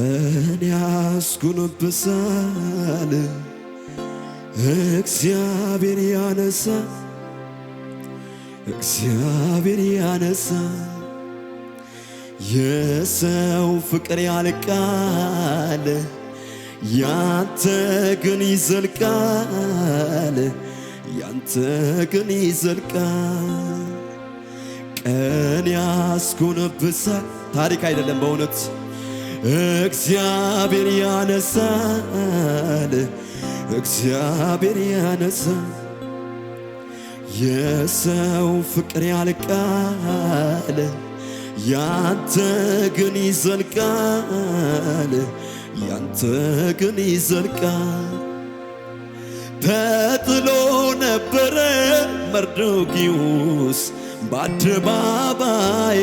እኔ ያስጎነብሳል እግዚአብሔር ያነሳ እግዚአብሔር ያነሳ የሰው ፍቅር ያልቃል ያንተ ግን ይዘልቃል ያንተ ግን ይዘልቃል ቀን ያስጎነብሳል ታሪክ አይደለም በእውነት እግዚአብሔር ያነሳል፣ እግዚአብሔር ያነሳል። የሰው ፍቅር ያልቃል፣ ያንተ ግን ይዘልቃል፣ ያንተ ግን ይዘልቃል። ተጥሎ ነበረ መርዶኪዎስ በአደባባይ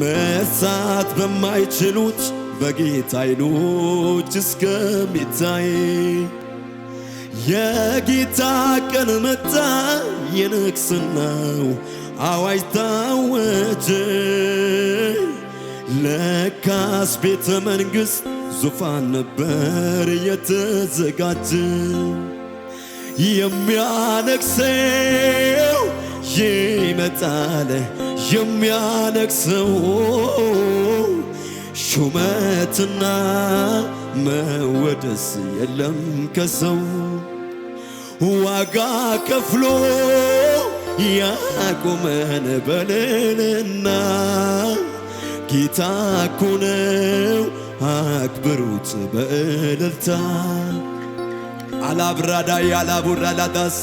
መሳት በማይችሉት በጌታ ዓይኖች እስከሚታይ የጌታ ቀን መጣ፣ የንግሥናው አዋጅ ታወጀ። ለካስ ቤተ መንግሥት ዙፋን ነበር የተዘጋጀ። የሚያነግሠው ይመጣል የሚያነግሰው ሹመትና መወደስ የለም ከሰው ዋጋ ከፍሎ ያቆመን በልልና ጌታ እኮ ነው አክብሩት በእልልታ አላብራዳይ አላቡራላዳስ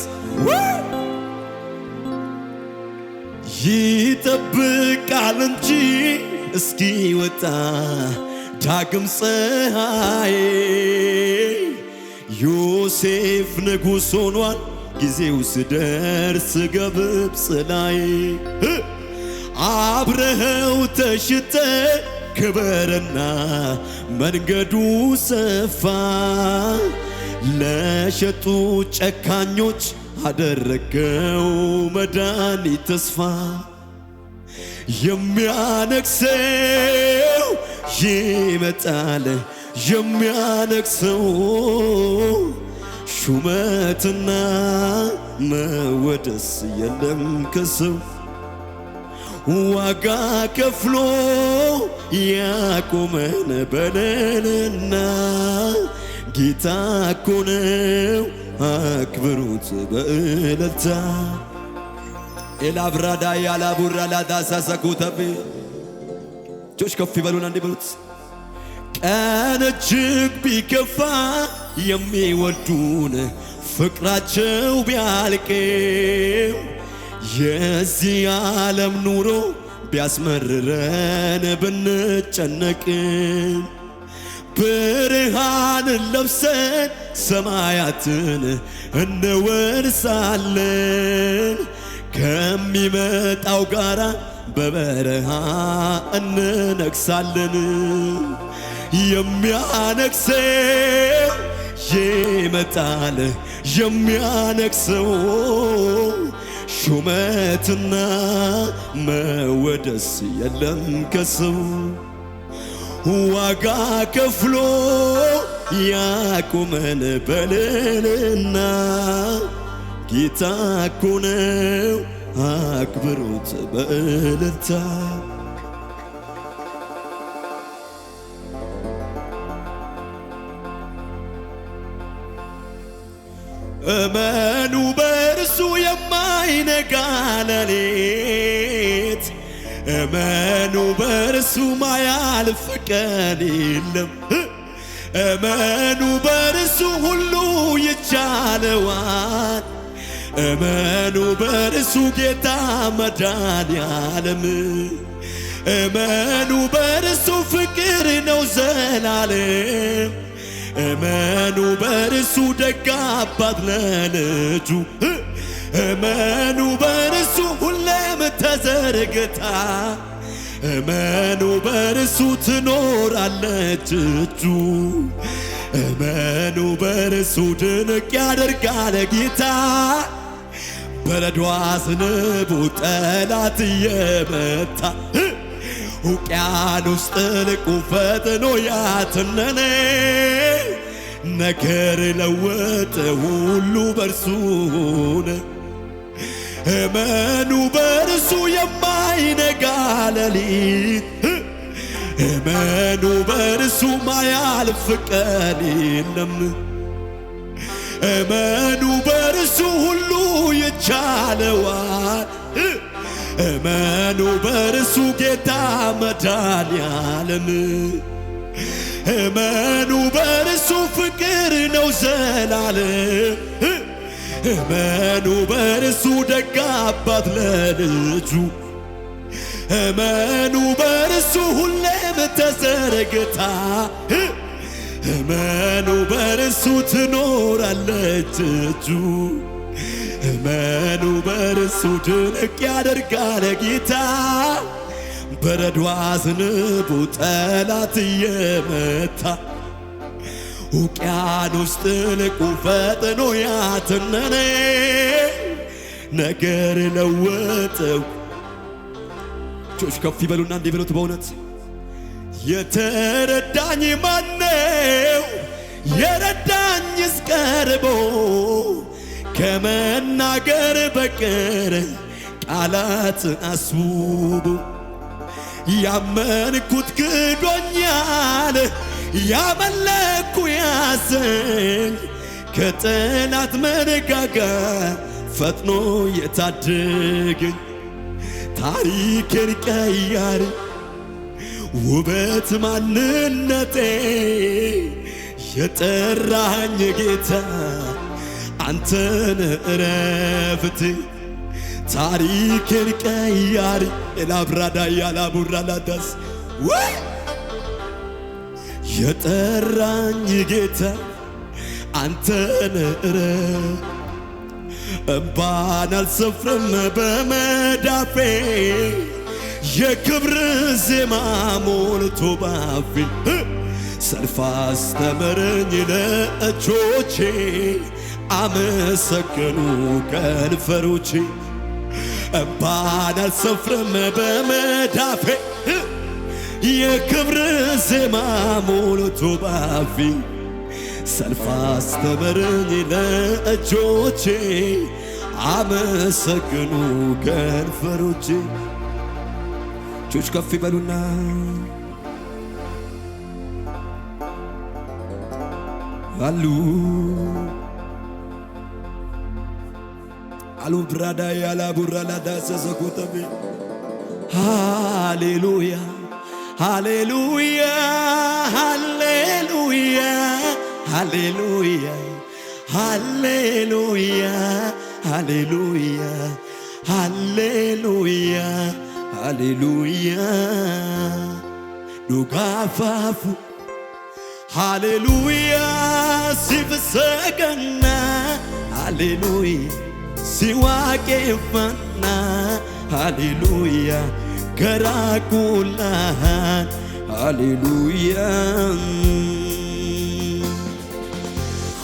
ይጠብቃል እንጂ እስኪወጣ ዳግም ፀሐይ ዮሴፍ ንጉሥ ሆኗል ጊዜው ስደርስ ገበብ ጽላይ አብረኸው ተሽጠ ክበርና መንገዱ ሰፋ ለሸጡ ጨካኞች አደረገው መድኃኒት ተስፋ የሚያነግሰው ይመጣል የሚያነግሰው ሹመትና መወደስ የለም ከሰው ዋጋ ከፍሎ ያቆመን በለልና ጌታ እኮ ነው አክብሩት በእልልታ ኤላብራዳ ያላቡራ ላዳሳሰኩተቤ እጆች ከፍ ይበሉና እንዲህ በሉት ቀን እጅግ ቢከፋ የሚወዱን ፍቅራቸው ቢያልቅም የዚህ ዓለም ኑሮ ቢያስመርረን ብንጨነቅም ብርሃንን ለብሰን ሰማያትን እንወርሳለን ከሚመጣው ጋራ በበረሃ እንነግሳለን። የሚያነግሰው ይመጣል የሚያነግሰው ሹመትና መወደስ የለም ከሰው ዋጋ ከፍሎ ያቁመን በልልና ጌታ እኮ ነው አክብሩት በእልልታ እመኑ በእርሱ የማይነጋ ለሌ እመኑ በርሱ ማያልፍ ቀን የለም። እመኑ በርሱ ሁሉ ይቻለዋል። እመኑ በርሱ ጌታ መዳን ያለም። እመኑ በርሱ ፍቅር ነው ዘላለም። እመኑ በርሱ ደግ አባት ለልጁ እመኑ በረገታ እመኑ በርሱ ትኖራለች እጁ እመኑ በርሱ ድንቅ ያደርጋል ጌታ በረዷ ስንቡ ጠላት እየመታ ውቅያኖስ ጥልቁ ፈጥኖ ያትነነ ነገር ለወጠ ሁሉ በርሱ ሆነ እመኑ በርሱ የማይነጋ ሌሊት እመኑ በርሱ ማያልፍ ቀን የለም። እመኑ በርሱ ሁሉ ይቻለዋል። እመኑ በርሱ ጌታ ያለም እመኑ በርሱ ፍቅር ነው ዘላለም እመኑ በርሱ ደጋ አባት ለልጁ እመኑ በርሱ ሁሌም ተዘርግታ እመኑ በርሱ ትኖራለች እጁ እመኑ በርሱ ድንቅ ያደርጋል ጌታ በረዶ አዝንቦ ጠላት እየመታ ውቅያኖስ ጥልቁ ፈጥኖ ያተነነ ነገር ለወጠው ጆች ከፍ ይበሉና እንዲህ ብሉት በእውነት የተረዳኝ ማነው? የረዳኝስ ቀርቦ ከመናገር በቀር ቃላት አስቡ ያመንኩት ክዶኛል ያመለኩ ያሰኝ ከጠላት መረጋጋ ፈጥኖ የታደገኝ ታሪኬን ቀያሪ ውበት ማንነቴ የጠራኝ ጌታ አንተን እረፍቴ ታሪኬን ቀያሪ ኤላብራዳ ያላቡራላዳስ ወይ የጠራኝ ጌታ አንተን እረ እምባን አልሰፍርም በመዳፌ የክብር ዜማ ሞልቶ ባፌ ሰልፍ አስተምረኝ ለእጆቼ አመሰገኑ ከንፈሮቼ እምባን አልሰፍርም በመዳፌ የክብር ዜማ ሞልቶ ባፌ ሰልፍ አስተምረኝ ለእጆቼ አመሰግኑ ከንፈሮቼ እጆች ከፍ ይበሉና አሉ አሉ ብራዳ ያላ ጉራላ ዳሰሰ ኮተቤ ሃሌሉያ ሃሌሉያ ሃሌሉያ ሃሌሉያ ሃሌሉያ ሃሌሉያ ሃሌሉያ ሃሌሉያ ዱጋፋፉ ሃሌሉያ ሲብሰገና ሃሌሉያ ሲዋቄፈና ሃሌሉያ ከራቁላሃን ሃሌሉያ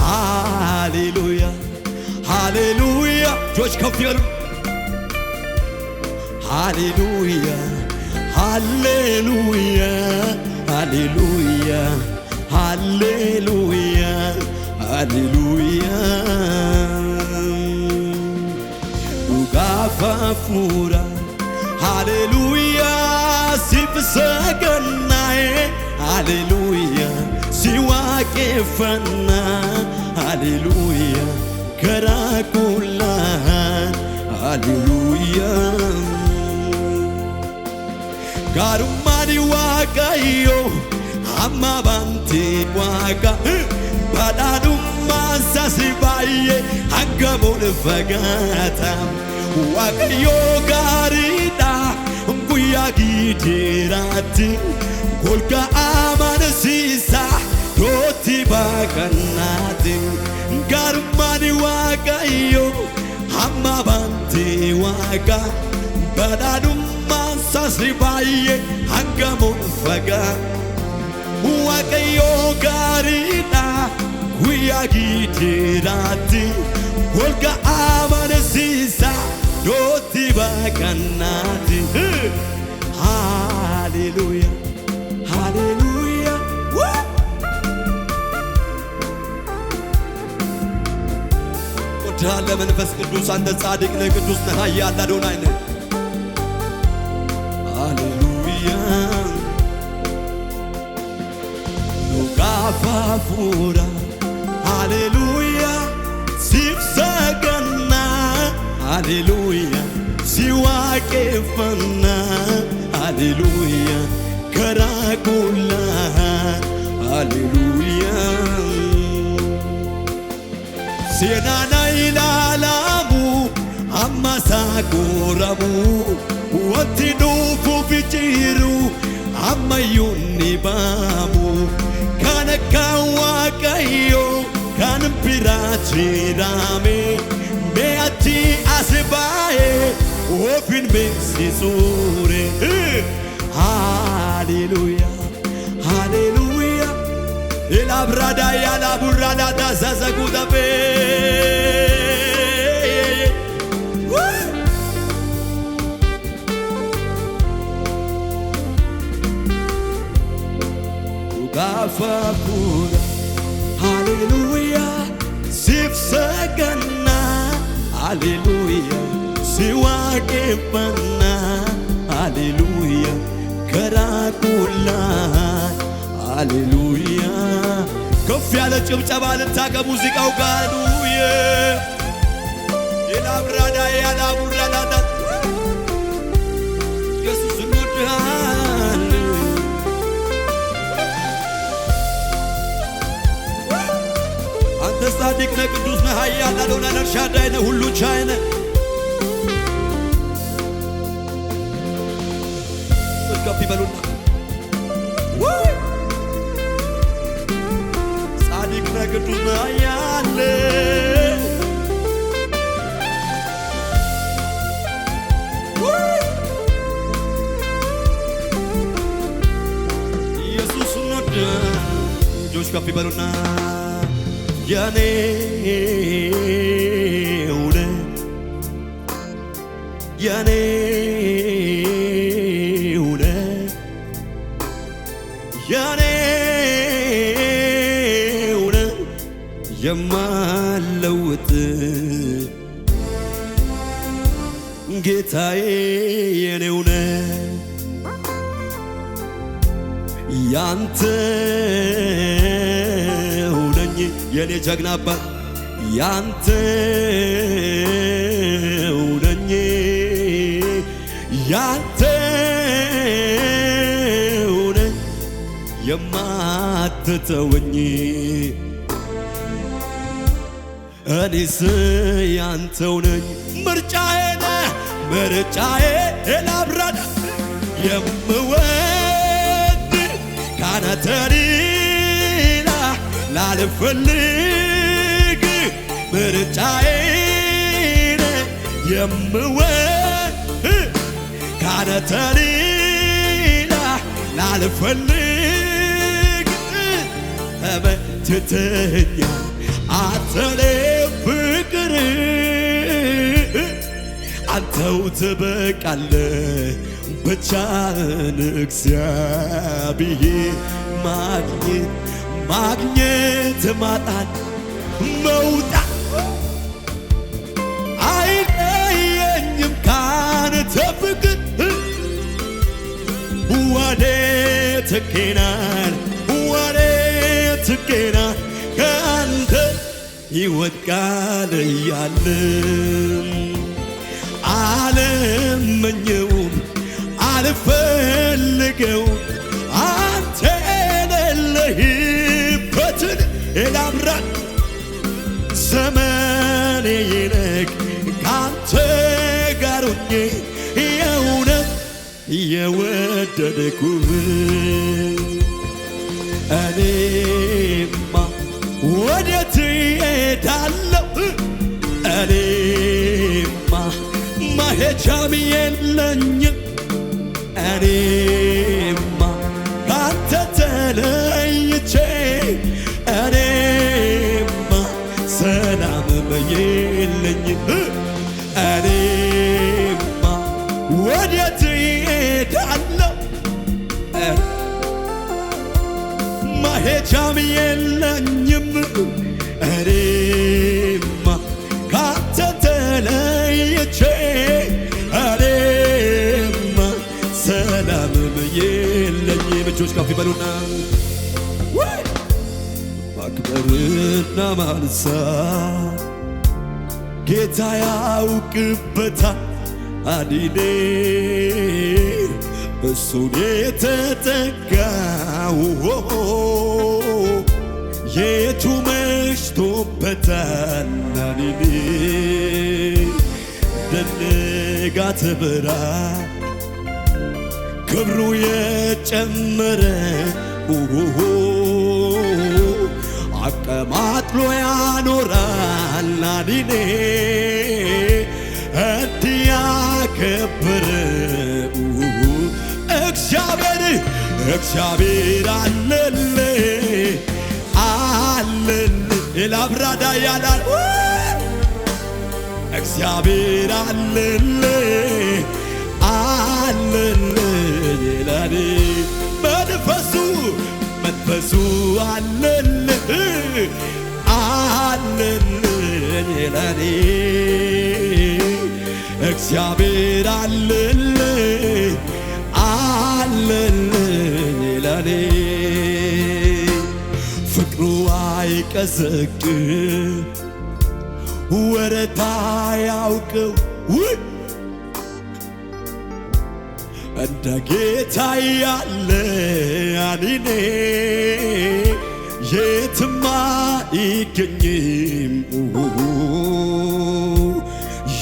ሃሌሉያ ሃሌሉያ እጆች ከፍ ይበሉ። ሃሌሉያ ሃሌሉያ ሃሌሉያ ሃሌሉያ ሃሌሉያ ዱጋፋ ፉራ ሃሌሉያ ሲፍሰገና ሃሌሉያ ሲዋቄፈና ሃሌሉያ ከራኩላን ሃሌሉያ ጋሩማኒ ዋጋዮ አማ ባንቲ ዋጋ badhaadhummaa isaa si baay'ee hanga boona fagaataa waaqayyoo gaariidhaa. guyyaagidheeraatti golga'aa barsiisa dooti baaqannaatti garmaan waaqayyoo hamma baantee waaqa badhaadhummaan sasri baay'ee hanga morfaga waaqayyoo gaariidha guyyaa gidheeraatti golga'aa Doti dooti baaqannaatti. ሃሌሉያ ሃሌሉያ ወዳለ መንፈስ ቅዱስ አንተ ጻድቅ ነህ፣ ቅዱስ ነህ፣ ኃያል አዶናይ ነህ። ሃሌሉያ ሉጋፋ ሃሌሉያ ሲብሰገና ሃሌሉያ ሲዋቄፈና ሃሌሉያ ከራቁላ ሃሌሉያ ሴናና ይላላሙ አማሳ ጎራሙ ወንቲ ኑፉ ፊጭሩ አማዩኒ ባሙ ካነካ ዋቀዮ ካንብራ ችራሜ አስባዬ وفين بيسي صوري هاليلويا هاليلويا الابرادا يا لا برادا دا زازاكو دا hallelujah, sif sagana, hallelujah. ሲዋቅበና አሌሉያ ከራቁላይ አሌሉያ ከፍ ያለ ጭብጨባ ልታ ከሙዚቃው ጋር ዱዬ የላብራዳ ያላቡራዳዳ ኢየሱስ እንወድሃል አንተ ጻድቅ ነህ፣ ቅዱስ ነህ፣ ኃያል አዶናይ ነህ፣ ነህ፣ ሁሉ ቻይ ነህ ክርስቶስ ከፍ ይበሉና ጻድቅ በቅዱስ ያለ ኢየሱስ እንወድ እጆች ከፍ ይበሉና የኔ የኔ ያኔውነ የማለውጥ ጌታዬ የኔውነ ያንተ ሁነኝ የኔ ጀግና አባት ያንተ ሁነኝ ያንተ የማትተወኝ እኔስ ያንተው ነኝ ምርጫዬ ነህ ምርጫዬ ላብራዳ የምወድ ካንተ ሌላ ላልፈልግ ምርጫዬ ነህ የምወድ ካንተ ሌላ ላልፈልግ ትተኛ አንተኔ ፍቅር አንተው ትበቃለ ብቻን እግዚአብሔር ማግኘት ማግኘት ማጣን መውጣት አይለየኝም ካንተ ፍቅር ዋዴ ተኬናል ምስጋና ከአንተ ይወድቃል እያለ አልመኘውም አልፈልገው አንተ የሌለህበትን ያምራል ዘመኔ ይልቅ ከአንተ ጋር ሆኜ የእውነት የወደድኩህ እኔማ ወዴት እሄዳለሁ? እኔማ መሄጃም የለኝም። እኔማ ካንተ ይበሉና ማክበርና ማንሳ ጌታ ያውቅበታል አዲኔ እሱን የተጠጋው የቱ መሽቶበታል አዲኔ ደነጋት ብራ ክብሩ የጨመረ አቀማጥሎ ያኖራል አዲኔ ያከበረ እግዚአብሔር እግዚአብሔር አለለ አለል የላብራዳ ያላል እግዚአብሔር ለኔ መንፈሱ መንፈሱ አለልህ አለልህ ለኔ እግዚአብሔር አለልህ አለልህ ለኔ ፍቅሩ አይቀዘቅም ወረታ ያውቅው እንደ ጌታ ያለ ያኔ የትማ ይገኝም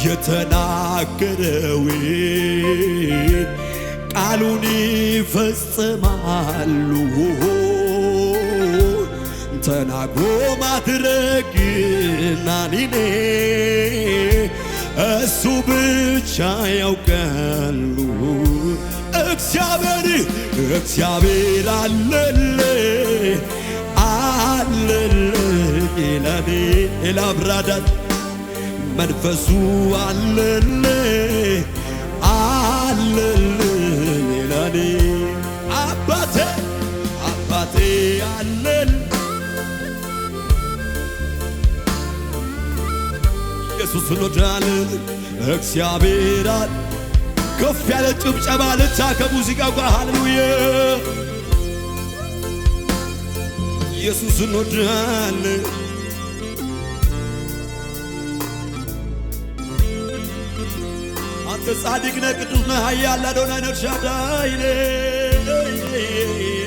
የተናገረው ቃሉን ይፈጽማሉ ተናግሮ ማድረግ ናኒኔ እሱ ብቻ ያውቃሉ እግዚአብሔር እግዚአብሔር አለለ አለለ ለኔ ላብራዳት መንፈሱ አለለ አለለ ለኔ አባቴ አባቴ አለለ ኢየሱስ እንወዳለን እግዚአብሔር አለ ከፍ ያለ ጭብጨባ ልታ ከሙዚቃ ጋር ሃሌሉያ ኢየሱስ እንወድሃለን አንተ ጻድቅ ነህ ቅዱስ ነህ ኃያል አዶናይ ነህ ኤልሻዳይ